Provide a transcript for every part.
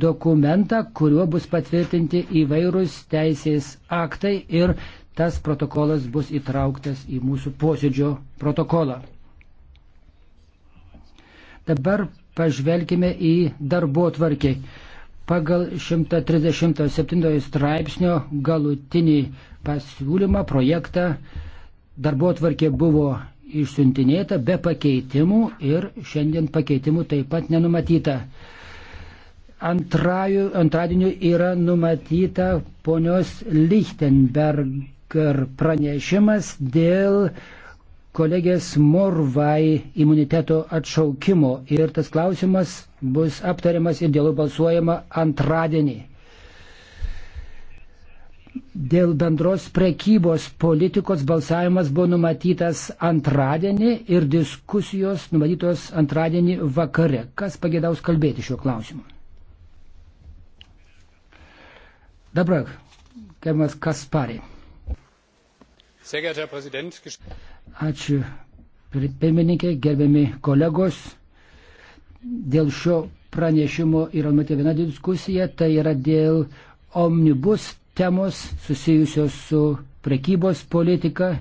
dokumentą, kuriuo bus patvirtinti įvairūs teisės aktai ir tas protokolas bus įtrauktas į mūsų posėdžio protokolą. Dabar pažvelkime į darbo tvarkį. Pagal 137 straipsnio galutinį pasiūlymą, projektą darbo tvarkė buvo išsiuntinėta be pakeitimų ir šiandien pakeitimų taip pat nenumatyta. Antrajų, antradienį yra numatyta ponios Lichtenberger pranešimas dėl kolegės Morvai imuniteto atšaukimo ir tas klausimas bus aptariamas ir dėl balsuojama antradienį. Dėl bendros prekybos politikos balsavimas buvo numatytas antradienį ir diskusijos numatytos antradienį vakare. Kas pagėdaus kalbėti šiuo klausimu? Dabar, kaimas Kasparė. Ačiū, pirmininkė, gerbiami kolegos. Dėl šio pranešimo yra numatyta viena diskusija, tai yra dėl omnibus temos susijusios su prekybos politika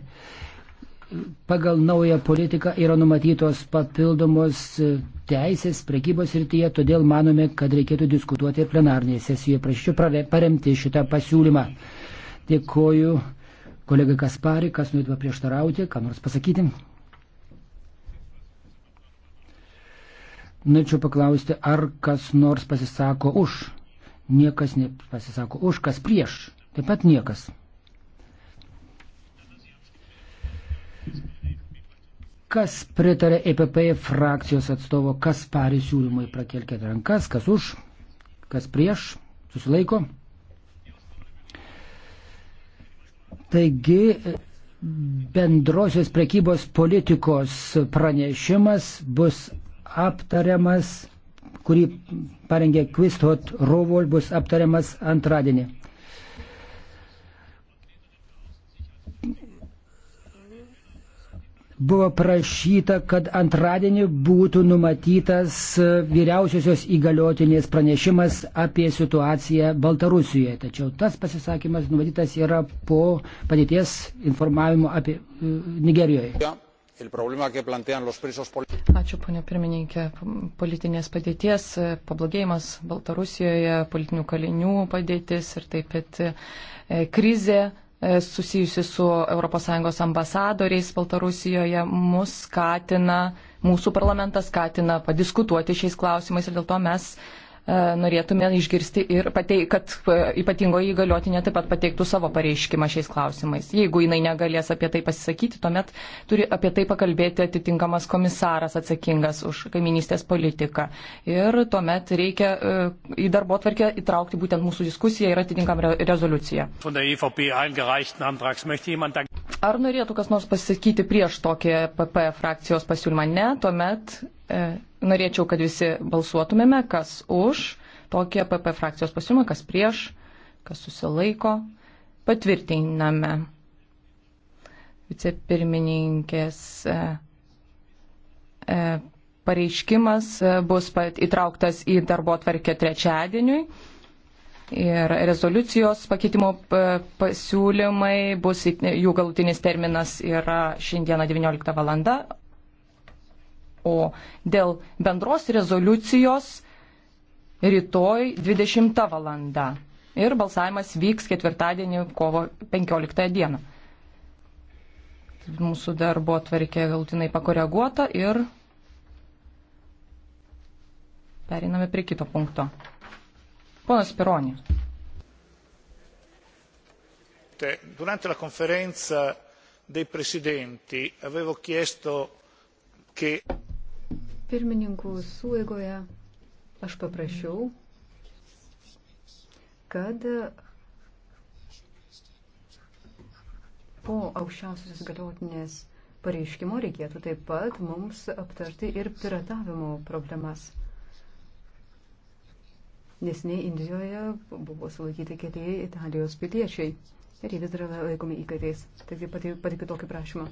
pagal naują politiką yra numatytos papildomos e, teisės prekybos rytyje, todėl manome, kad reikėtų diskutuoti plenarnėje sesijoje. Prašyčiau paremti šitą pasiūlymą. Dėkoju kolegai Kaspari, kas norėtų paprieštarauti, ką nors pasakyti. Norėčiau paklausti, ar kas nors pasisako už. Niekas nepasisako už, kas prieš. Taip pat niekas. Kas pritarė EPP frakcijos atstovo Kasparį siūlymui, prakelkite rankas, kas už, kas prieš, susilaiko. Taigi bendrosios prekybos politikos pranešimas bus aptariamas, kurį parengė Kvistot Rovol, bus aptariamas antradienį. buvo prašyta, kad antradienį būtų numatytas e, vyriausiosios įgaliotinės pranešimas apie situaciją Baltarusijoje. Tačiau tas pasisakymas numatytas yra po padėties informavimo apie e, Nigerijoje. Ačiū, ponia pirmininkė. Politinės padėties e, pablogėjimas Baltarusijoje, politinių kalinių padėtis ir taip pat krizė E, susijusi su ES ambasadoriais Baltarusijoje mus skatina, mūsų parlamentas skatina padiskutuoti šiais klausimais ir dėl to mes E, norėtume išgirsti ir patei, kad e, ypatingo įgaliotinė taip pat pateiktų savo pareiškimą šiais klausimais. Jeigu jinai negalės apie tai pasisakyti, tuomet turi apie tai pakalbėti atitinkamas komisaras atsakingas už kaiminystės politiką. Ir tuomet reikia e, į darbo tvarkę įtraukti būtent mūsų diskusiją ir atitinkamą rezoliuciją. Ar norėtų kas nors pasakyti prieš tokį PP frakcijos pasiūlymą? Ne, tuomet e, norėčiau, kad visi balsuotumėme, kas už tokį PP frakcijos pasiūlymą, kas prieš, kas susilaiko. Patvirtiname vicepirmininkės e, e, pareiškimas e, bus įtrauktas į darbo atvarkę trečiadieniui ir rezoliucijos pakeitimo e, pasiūlymai bus, jų galutinis terminas yra šiandieną 19 valanda, o dėl bendros rezoliucijos rytoj 20 valanda. Ir balsavimas vyks ketvirtadienį, kovo 15 dieną. Mūsų darbo atvarkė galutinai pakoreguota ir periname prie kito punkto. Ponas Pironė. Durante la conferenza dei presidenti avevo chiesto che. Pirmininkų suėgoje aš paprašiau, kad po aukščiausios galiotinės pareiškimo reikėtų taip pat mums aptarti ir piratavimo problemas. Nesiniai Indijoje buvo sulaikyti keli Italijos piliečiai ir jie vis dar laikomi įkaitais. Taigi patikiu tokį prašymą.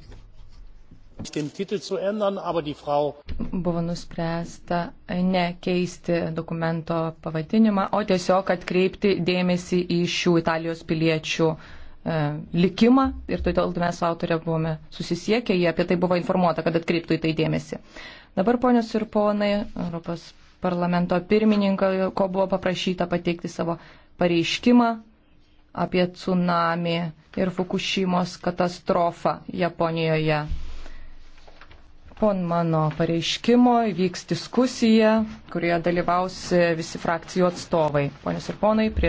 Buvo nuspręsta ne keisti dokumento pavadinimą, o tiesiog atkreipti dėmesį į šių Italijos piliečių e, likimą ir todėl mes su autorė buvome susisiekę, jie apie tai buvo informuota, kad atkreiptų į tai dėmesį. Dabar, ponios ir ponai, Europos parlamento pirmininką, ko buvo paprašyta pateikti savo pareiškimą apie tsunami ir Fukushimos katastrofą Japonijoje. Po mano pareiškimo vyks diskusija, kurioje dalyvaus visi frakcijų atstovai. Ponios ir ponai, prie